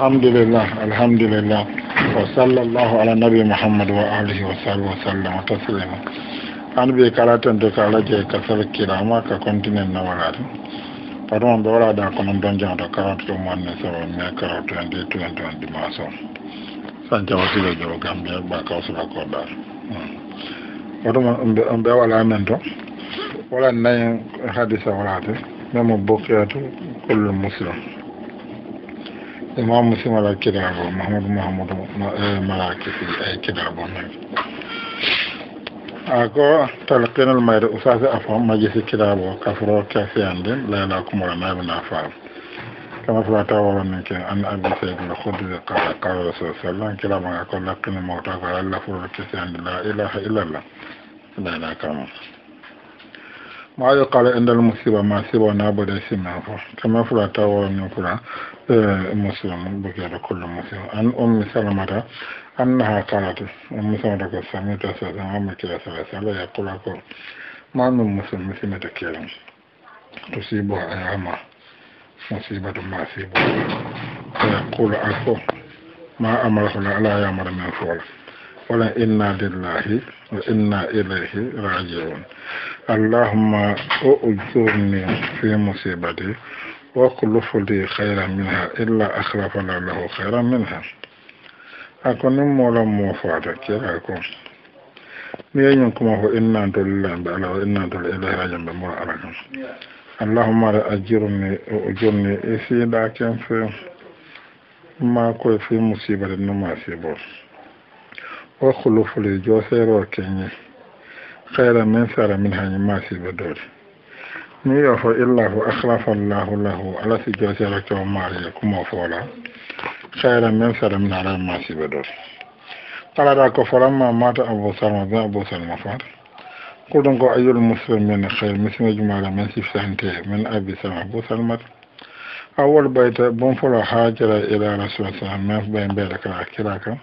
wa لله الحمد لله وصلى الله على نبي محمد وآله وصحبه وسلم تسليما an bai karatun da kala kasar kirama ka kontinen na wurare faruwan da wura da don da karatun mai karatu yadda ya masu san jama su da ba hmm. da an bai to nan hadisa wurare na mu kullum musulun imam musu mara kira ba eh, mahmud eh, mahmud mara a yi kira ba ne a ko talqinul mayr usasi afa maji si kira ba kuma na bi na kama fa ta wa ne an abi sai da khudu da qala qala sallallahu kira ba ko laqin mota ba la furu kasi andin la ilaha illallah la kama ma ya qala indal musiba ma siba na bada shi ma fa kama fa ta wa ne مسلم بكير كل مسلم عن أم سلمة أنها قالت أم سلمة قد سمعت أساسا عم كلا سلسلة يقول لكم ما من مسلم مثل تكيرا تصيبها أيامها مصيبة ما أصيبها فيقول أخو ما أمره لا يأمر من فعل ولا إنا لله وإنا إليه راجعون اللهم أؤذرني في مصيبتي wakulufudi xayiran minha illa akhlafana lahu xayiran minha a ko ni moola moo faata kira ko ni ye ñun kuma fo inna tolilan bi ala inna tol ilahi rajan bi mura ala kan allahumma re a jurni o i fi da ken fe ma koy fi musiba de numa si bo wa khulufu li jo kenye khayra min sara min hañi ma si dole ni yo fo illahu ahlafa allahu lahu ala si josera kewo maariye kumo foola hayra min sara min ala masiɓe ɗon kalaɗa ko faranma mata abou salma ben abou salma fat kuɗum ko ayol muslim min hayr misimeji maɗa min siftante min abi salma abou salmata awol ɓayta bon folo haajira ila rasul sallam min ɓay mbeɗa kala kira kam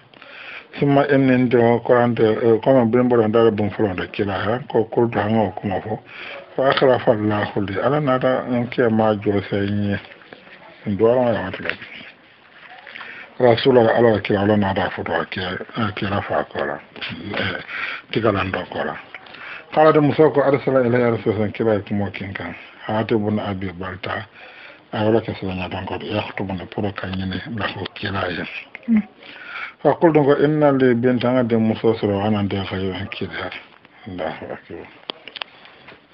summa inninde o korante comme bimboro dara bon folonde kila ha ko kurdu hango kumo fo fakrafa llahu li ala nata n kema jose ñe n dorama yawatilaɓi rasulal ala kila ala nata foto eh, kila fakola tigalan dokola kalade muso ko arsala ilay arsusan kila kumo kin kan hate bun abi balta awala ke sala ñatan koto yahtubune pour kañine lahu kila yen fakultu ko inna li bintanga de muso soro anante kayo kiɗar allahu akbar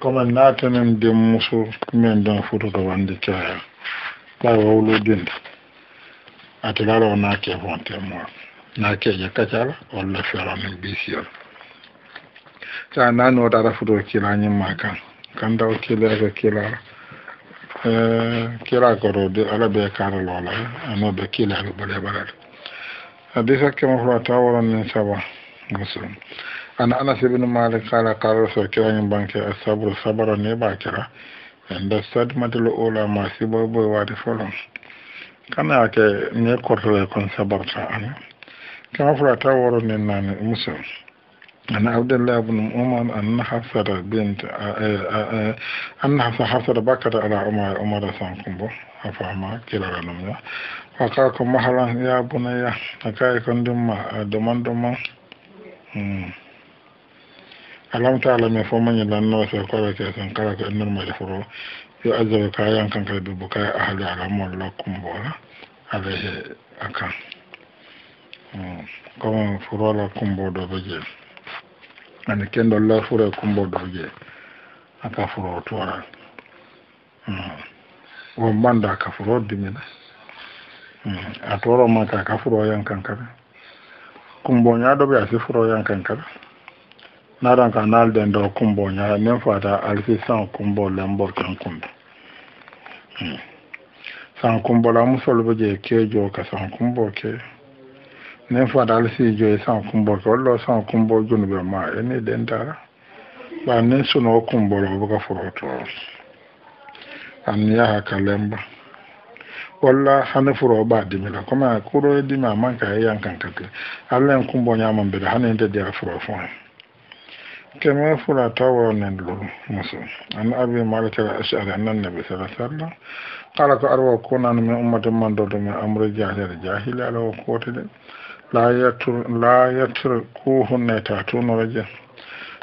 comme naatanen demmuso min ɗon fototo wande coya ɓay wawlodinde atigara o naake fontemoa naakeje kacara walla na bisiyol sa nani oɗaɗa foto kilañimma kan kan daw de ala saba an anas ibnu malik kala kalorso kirañum banque a sabru sabaro neɓa kira nde sadmatilo ola ma siboy boy waade folon kana yake ne kortore kon sabarta ana kama fula ta woro nin nane muso عن عبد الله بن عمر أن حفصة بنت أن حفصة حفصة بكت على عمر عمر سانكمبو أفهمها كلا لنمية وقالكم محلا يا بني أكايكم دم دمان دمان alam ta alame fo mañi lan no se kore ke sen kala ko normal furo yo azabe ka yan kan kala bibu ka ahli ala mol la kumbola alayhi akan comme furo la kumbo do be je ani kendo la furo kumbo do je aka furo tora hmm, wo manda ka furo dimina hmm, a toro ma ka ka furo yan kan kala kumbo nya do be asi furo yan kan kala naran ka nal den do kumbo nya men fata alisi san kumbo le mbor kan kumbe hmm. san kumbo la musol bo je ke jo ka san kumbo ke men fata alisi jo e san kumbo ko lo san kumbo junu be ma ene den dara ba ne suno kumbo lo bo ka foroto an ya ha ka kalemba walla hane furo ba dimila kuma kuro e dimi amanka e yan kan kake allah en kumbo nya man be hane de dia furo fon ke mai fura ta wuro na dubu musu an abu ne mara ta ga'ashi a ranar na bai sarar sarla ƙara ka arwa ko na nume umarta mando domin amurka jahilai da jahilai a lawa ko kuhun na ta tuno raje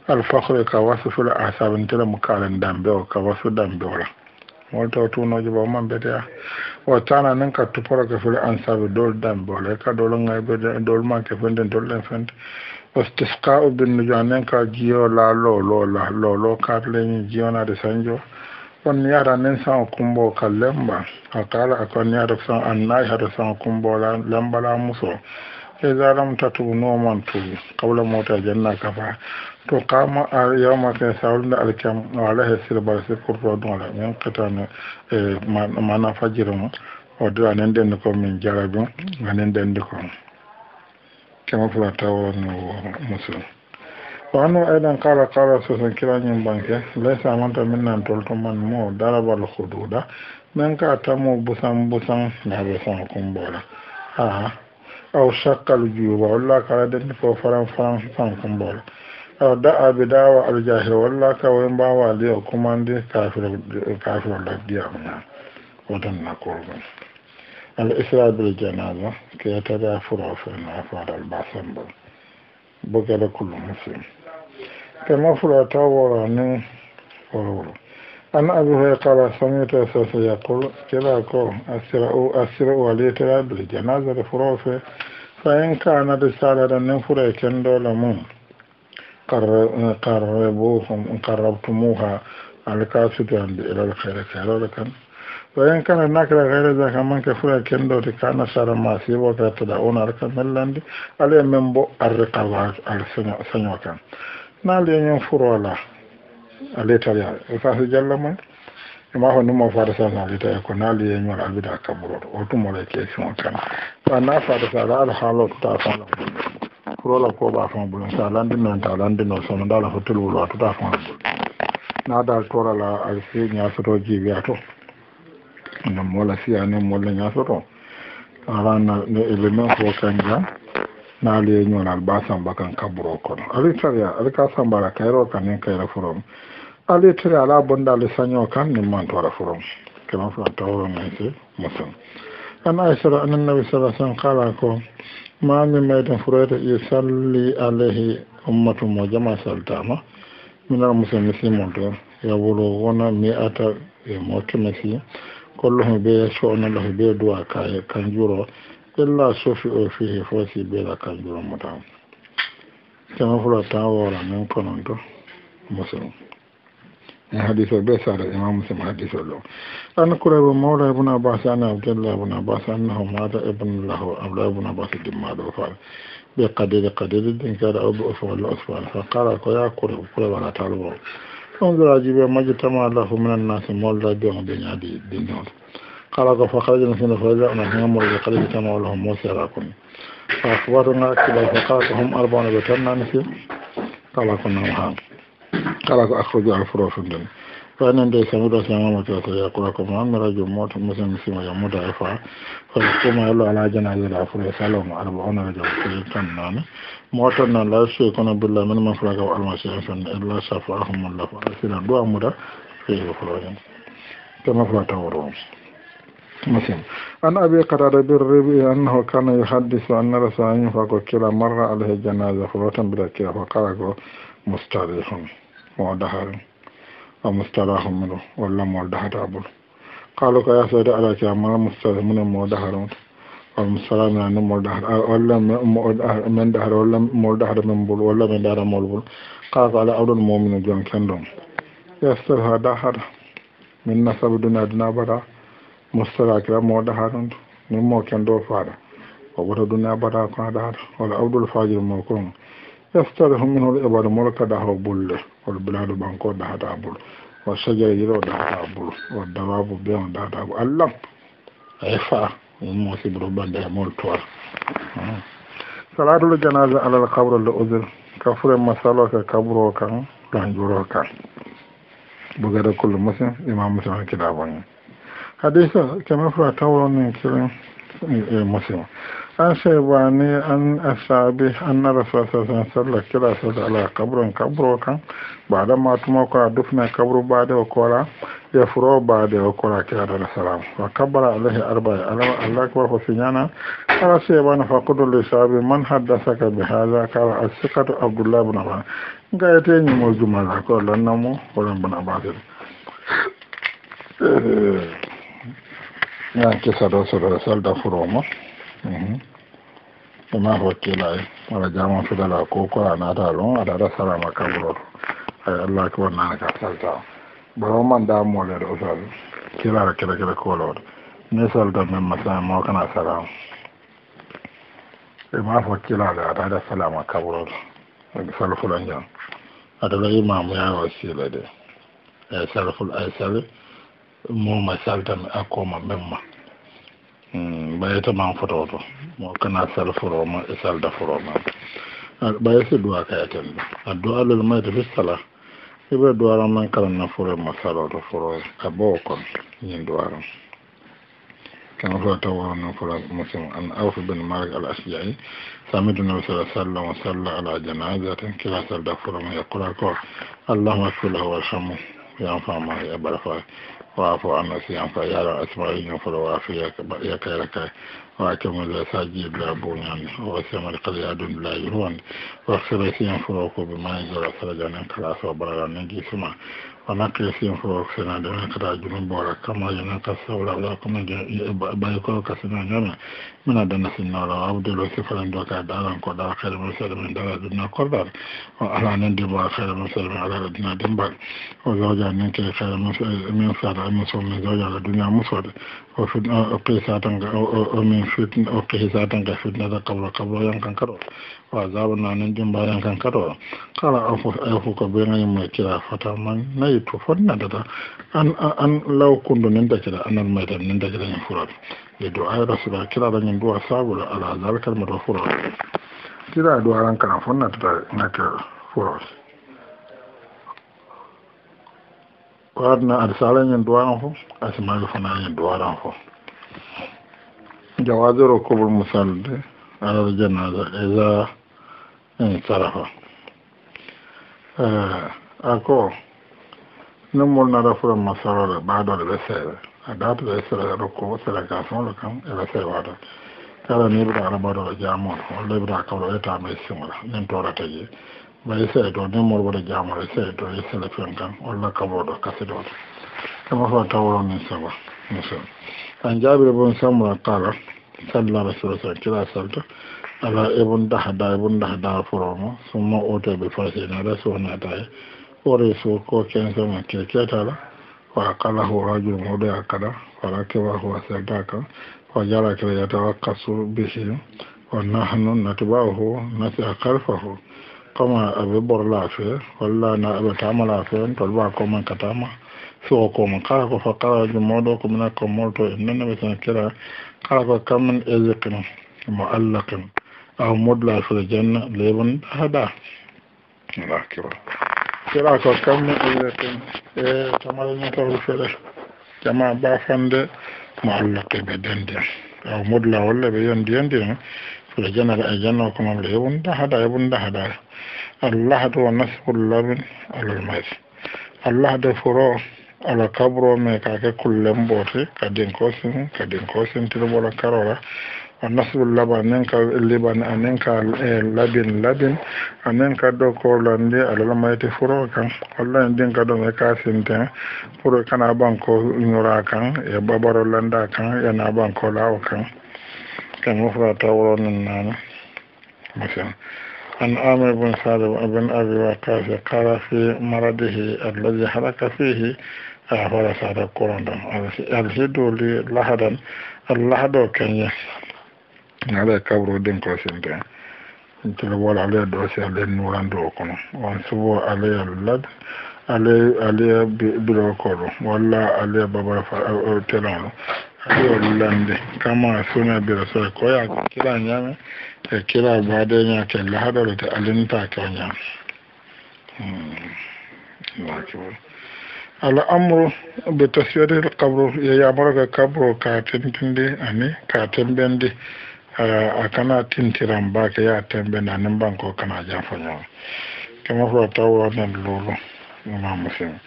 alfakwai ka wasu fura a sabon tura mukalin dambewa ka wasu dambewa wata wata tuno ji ba man bata ya wata na nan ka tufura ka fura an sabon dole dambewa dole ma ka fendin dole ostifka ubin nu jonen ka jiyo la lo lo la lo lo ka leni jiyo na de sanjo on ya ra nen sa kumbo ka lemba akala kala ka nya ra sa an na ya ra sa kumbo la lemba la muso e za ta tu no man tu ka mota janna ka fa to ka ma a ya ma ka sa wala al kam wa la hasir ba se ko ro don la nyen ka ta e ma na fajiro o do anen den ko min jarabu anen den ko kama fulata wa musu wani aidan kara kara su sun yin banke laisa manta minnan tortoman hududa nan ka ta mu a a shakkar juyu ba kuma ndi kafin da al'israar bil janaza ke ya tara furo fi na faɗar buga da kullum musulun kama furo ta ne wuri an abu ya kara sami ta sassa ya kuru kira ko asira wale ta ya bil janaza da furo fi fayin ka na da sada da nan furo ya kyan dole mun karrabtumuha alkasutu da ilal khairu kan fayin kana nakra gaira za ka manke fura kendo ti kana sara masu yi wata ta da'una arka mellandi alayi min bo arrika ba al sanyo kan na alayi yin furo la alayi tariya isa su jalla mai ima ho numa fara da na alayi tariya ko na alayi yin wala abida ka buro o tu mora ke shi mo kan ba na fara sa la al halo ta fa la furo la ko ba fa bulun sa landi non ta landi non so na la fa tulu wa ta fa na da tora la al sai ya fito jibi to no mola siya ne mola nya soto arana ne elemen ko kanja na ali nyon al basan bakan kaburo kono ali tariya ali ka sambara kairo kanen kaira furon ali tiri ala bonda ali sanyo kan ni man tora furon kama fa tawo ne se musan an aisha an nabi sallallahu alaihi wasallam kala ko ma min maitan furata yusalli alaihi ummatu mo jama saltama min al muslimin simon to ya wuro wona mi ata e mo tumesi kollohe be sownalohe be duwa kaye kanjuro illa sofi o fihi fosi bela kanjuro mo tan kema fula tan wora min kononto musilum en hadis o ɓe sara imam muslim hadis o ɗo an kurayba mawla ibne abbas an abdullah ibne abbas annahu mata ibnulahu abdullah ibne abbas dimmaɗo fara ɓe kadiri kadiri ɗin kada oɓe usman usman fa qala ko ya فانظر أجيب ما جتمع له من الناس مولى بيوم بين عدي بيوم قال فخرجنا سنة فرجعنا سنة مرجع قد جتمع لهم موسى راكم فأخبرنا أكتب الفقات هم أربعون بتنا نسي قال كنا محام kala ko akhruju al furofindin fanan da samu da sama mata ta ko kula kuma an mara jumo ta musan musima ya muda ya fa fa kuma yalo ala jana ya da fure salamu arba'una da jawi kan nan motan nan la shi kuna billahi min mafraga wa almasi fan illa safahum allah fa asira du'a muda fi furofin kama fa tawron مسلم عن أبي قتادة بالربي أنه كان يحدث أن رسول الله فقال مرة عليه جنازة فروتا بلا كلا فقال مستريح mo dahare a mustarahu miro walla mo dahata bol kala ko yasode ala ke amara mustara mune mo dahare wal mustaramina ni mo dahare walla men dahare walla mo dahare men bol walla men dahara mol bol kala ko ala awɗon momino jon kendon yastor ha dahata min nasabu duna duna bata mustara kira mo dahare min mo kendo faada o woto duna bata ko ha dahata walla awdol fajiri mo kon yastarihu minhol eɓade molkada ho bulle wol bulaalu banko dahata bulu wo sajara yiro dahata bulu wo dawabu beŋo dahata bulu allah aye faa moosibiro bande e mool tuwal hmm. salatul janaza alal kabro le usir ka fure masalo ke kaburo kan lanjuro kan bugada kullu muslim imam muslim kitaboñum hadisa keme fura tawronin kirin مسلم عن شيباني عن أصحابه أن رسول الله صلى الله عليه وسلم صلى على قبر قبر kan. Ba baɗama tuma ko a dufne kabru baade o koora e furo baade o koora kiraɗo alah salam wa kabbara alayhi arba e ala allah akbar ko fiñana ala seebano fakkudulli saabi man haddasaka bi haala kala a sikatu abdoullah bona ba gayeteñimo jumala ko lannamo hoɗon bona baden eh. yan kisa da ɗo sodore salda furomo ɗuma mhm. hokkila wala jama fidala ko ko a naata ɗon aɗa aɗa salama kabrol allah akbar nana ka salta ɓawo man da molede o sal kirara kira kira ne ni salta min masan mo kana salam e ma fo kirade atade salama kaburol sal fulan jam atala imamu yawo siile de e sal ful ay sal muma saltami akkoma memma ɓayta hmm, man foto to mo kana sal furoma e salda furoma ya si duwa kayaten ɗo addu alol mayta fi sala ibe duwara man kalan na fure masala to furo a bo kon duwara kan fura ta wara na fura muslim an awfu bin malik al asjai sami nabi sallallahu alaihi wasallam salla ala janazatin da salla fura mai yaqra ko allahumma kullahu warhamhu yanfa fama ya barfa wafo an nasu yanfa yara asma'il ya fura wafi ya kai raka wake mu da saji da bunyan wasu markar yadun da yi ruwan wasu bai su yan fura ko bi ma yin jira sarjanin kalasu a bararanin kuma. wana kesin fo sena da na kada bora kama yana ka saura la kuma ga bai ko ka sena ngama muna da na sinna abu da ke faran do ka dalan ko da kare mun sai mun na korda o ala nan kare na o ke kare o o min o da kabla kabla yan karo wa zabun na nan jin bayan kan karwa kara afu ka bai nan mai kira fata man na yi tufan na da an an laukun da ninta kira an mai da ninta kira yin furar da du'a da su da kira da yin duwa sabula saboda al'azar kalmar da furar kira duwa ran karafun na da na kira furar warna arsalan yin duwa ran fu asma'il fana yin duwa ran fu jawaziro kubul musal na alal janaza iza sarafa a ko ne molnata fula masarole ɓaɗole ɓe seeɗa a datoɗe sere rokko da gasoɗo kam eɓe sewaɗo kala ni ɓiɗa ala ɓaɗoɗo jamoɗo walla ɓiɗa kawɗo etama e simola nin torata je ɓay sere to nin molɓoɗo jamoɗo e sere to e sele fen kan walla kaɓoɗo kasiɗoɗo kama fa tawro nin saba misim an jaabire bon ta kala sallah rasul sa kira salta ala ibun dahda ibun dahda furomo summa ote ɓe fasinare sonataye ore su ko sama ma keketala fa kalahu rajulum huɗo akkada fala kewahu asirda kan ke wa yatawakkasu sadaka wa nahnu natba'uhu nasa kalfahu kama aɓe ɓorla fe walla na aɓe tamala fe tolɓa koman katama ko man kala ko fa ju modo ko mina ko en nonne ɓe sen kira kala ko kammin eziqino mo aw modla fil janna leban hada la kibar kira ko kamne e tamara ni tawru fere jama ba fande muallaqe be dende aw modla walla be yondi yondi fil janna e janna ko mam leban hada yebun hada allah do nasbul labin alal mas allah da furo ala kabro me kake kullen bote kadin kosin kadin kosin tirbola karola nasu laban nin ka liban a nin eh, labin labin a nin ka ko lande a lalama ita furo kan wallan din ka don ka sinta furo kana ban ko nura kan ya babaro landa kan yana ban ko lawo kan kan mafura ta wuro nan na ne mashin an amir bin salim abin abuwa ka fi kara fi mara da shi allazi halaka fi a fara sadar kuran don alhidoli lahadan allahadokan yasa ala ye kaburo den kɔlɔsili kɛ telebɔla ale ye dɔsi ale nuran dɔw kɔnɔ wan subo ale ye lad ale ale ye bilo kɔrɔ wala ale ye fa tɛlan lo ale ye lande kama sona bira so ko ya kira nyame e kira bade nya ke lahada lo te ale ta ke nya hmm. ala amru bi taswiyati al qabr ya yamara ka kabro ka tindinde ani ka timbende Eh, a kana tintiran ba ke ya tembe na nin banko kana jafa nyawa kama fa ta wannan lolo ma musim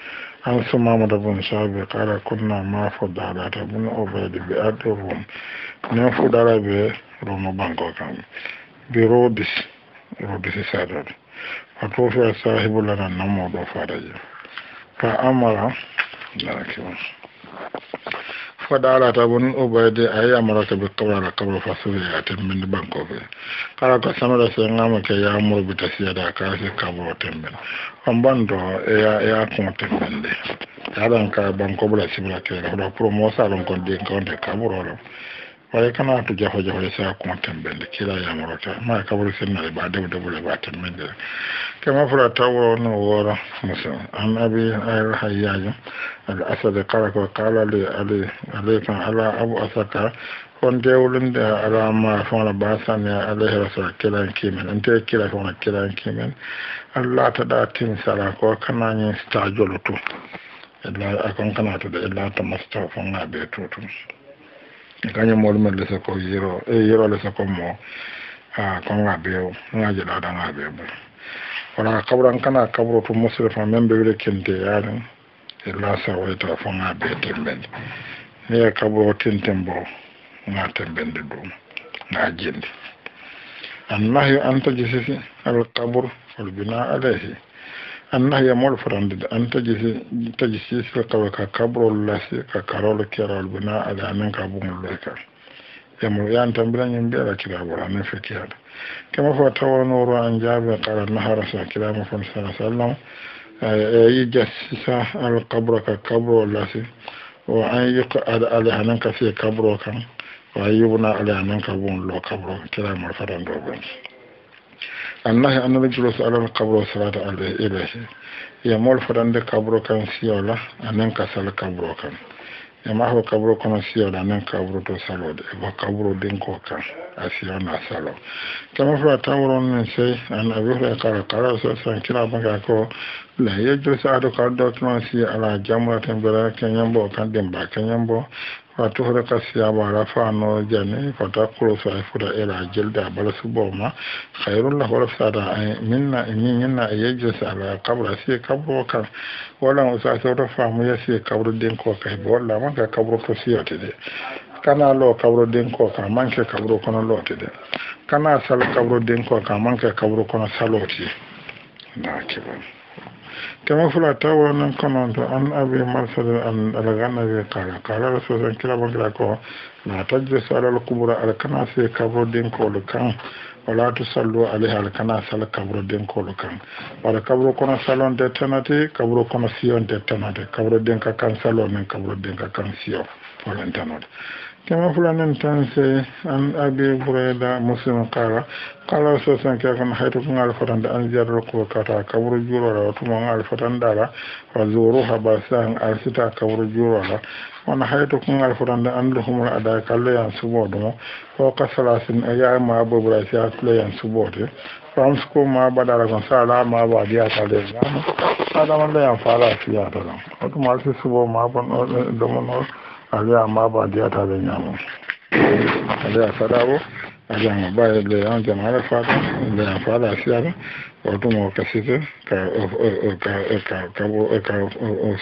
an su mamu da bin sabi kara kunna ma fu dada ta bin obedi bi ato rum ne fu dara be rumu banko kan bi rodis rodis sadar wato fi sahibu lana nan mu do fara ji ka amara da kiwa fadalata bun ubayde ay amaraka bi qabrala a fasuyatin min bankobe kala ko samara se ngama ke ya amuru bi da ka se kabro temmen on bando e ya e ya kon temmen de dan ka banko bula sibra ke kuma promosa lon kon de kon de kabro ro wala kana to jaho jaho sa kuma tambende kira ya morota ma kabul sunna ba dabu dabu ba tambende kama fura tawro no wora musa an abi ayr hayyaj al asad qala ko qala li ali alayka ala abu asaka kon dewlunde alama fona basane alayhi rasul kilan kimen en te kila fona kilan kimen allah taɗa tin sala ko kanañi stajolu tu illa akon da illa to masta fonga be tutum kañum woni men ko yiro e yiro lese ko mo a konga beew ngaji nga ɓe boy wona kabran kana kabro to musrifa men ɓe wile kente yaaren e lasa woyta fonga ɓe tembende ni e kabro tenten nga ga tembende ɗum ga jendi annahi an tajisisi al kabro wal bina alayhi أنه يمر أن تجلس في قبرك كبر الله سك كارول كير البناء على أنك أبوم الله كار يمر يان تمبلا ينبيا كير أبو أنا في كير كما هو تور نور عن جاب قال النهار سك كير أبو فنس الله سلم يجلس على قبرك كبر الله سك وأن يق على أنك في قبرك وأن يبنى على أنك أبوم الله كبر كير أبو annahi annabi julos alal kabro salata alde ilahi ya mol de kabro kan siola anen ka sal kabro kan e maho kabro kono siyola anen kabro to salode e bo kabro ko kan a na salo kama ta woron ne sai an abi ka kala kala so san kira banga ko la yejjo sa ado kala do si ala jamra tan kan yambo kan kan yambo Fa fatuhura ka siya siyaba ra n'o jani fata kuro sa fura era jilda bala suboma khairul lahu wala sada eh, minna min yinna eh, yajlis ala qabra si kabro kan wala usa sauta famu ya si kabro din ko kai wala man ka kabro to siyati de kana lo kabro din ko ka man ke kabro kono loti de kana sal kabro din ko ka man ke kabro kono saloti na kiban كما فلا تاون an عن أبي مرسل الغنبي قال قال رسول الله كلا بكرة لا تجلس على القبور الكنا في كبر دين كل كان wala tu sallu alaihi alkana sala kabro den kolo kan wala kabro kono salon de tanate kabro kono siyon de tanate kabro ka kan salon men kabro ka kan siyon wala tanate كما فلان تنسي عن أبي بريدة مسلم قال قال سوسن كان حيث كان الفتن أن جر القوة كتا كبر جورا وتما الفتن دارا وزورها باسان أرستا كبر جورا wani haitu kun alfuran da an duhumar a da kallo yansu bodu mu ko kasala sun ya ma bubura sai a kallo yansu bodu fam su ko ma ba da ragon sa ma ba biya ta da da yan su ma ale amma ba diya ta zan yamu ale a sadabo ale amma ba ya da yawan jama'a da fata da ya fada a siyara wato ma ka sita ka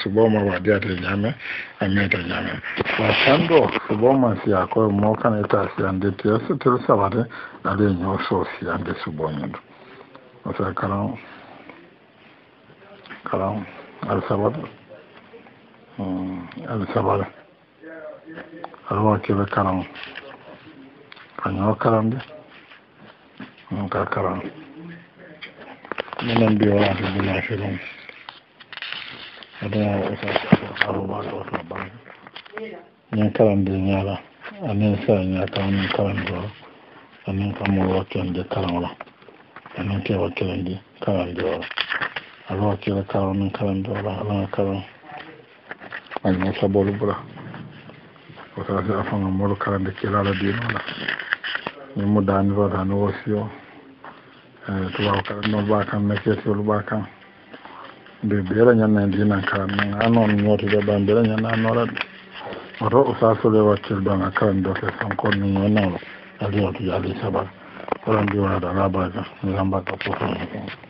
su ba ma ba diya ta yame a me ta yame ba san do su ba ma siya ko mo kan ita siya da ta su tir sabata ale nyo so siyan da su ba ni do wasa karam karam al sabata hmm, al sabata awa keɓe karamu kañoo karamde on ka karam minen mbi wonati binaki ɗum aduna arubaɗo oto bange min karamde ñaala anin sara ñakam min karamde o anin kammo wakkende karamla anin ke wakkelendi karamde o ala wakkile karam min karamde ola alaa karam añoo sabolu ɓura o sasi amurka da molu karande kilala dinola ni mu danirota ni wosiyo tubaw karan no ba kan na ketiyol ba kan karan nan karan sabar oɗon mbiwonata ala baka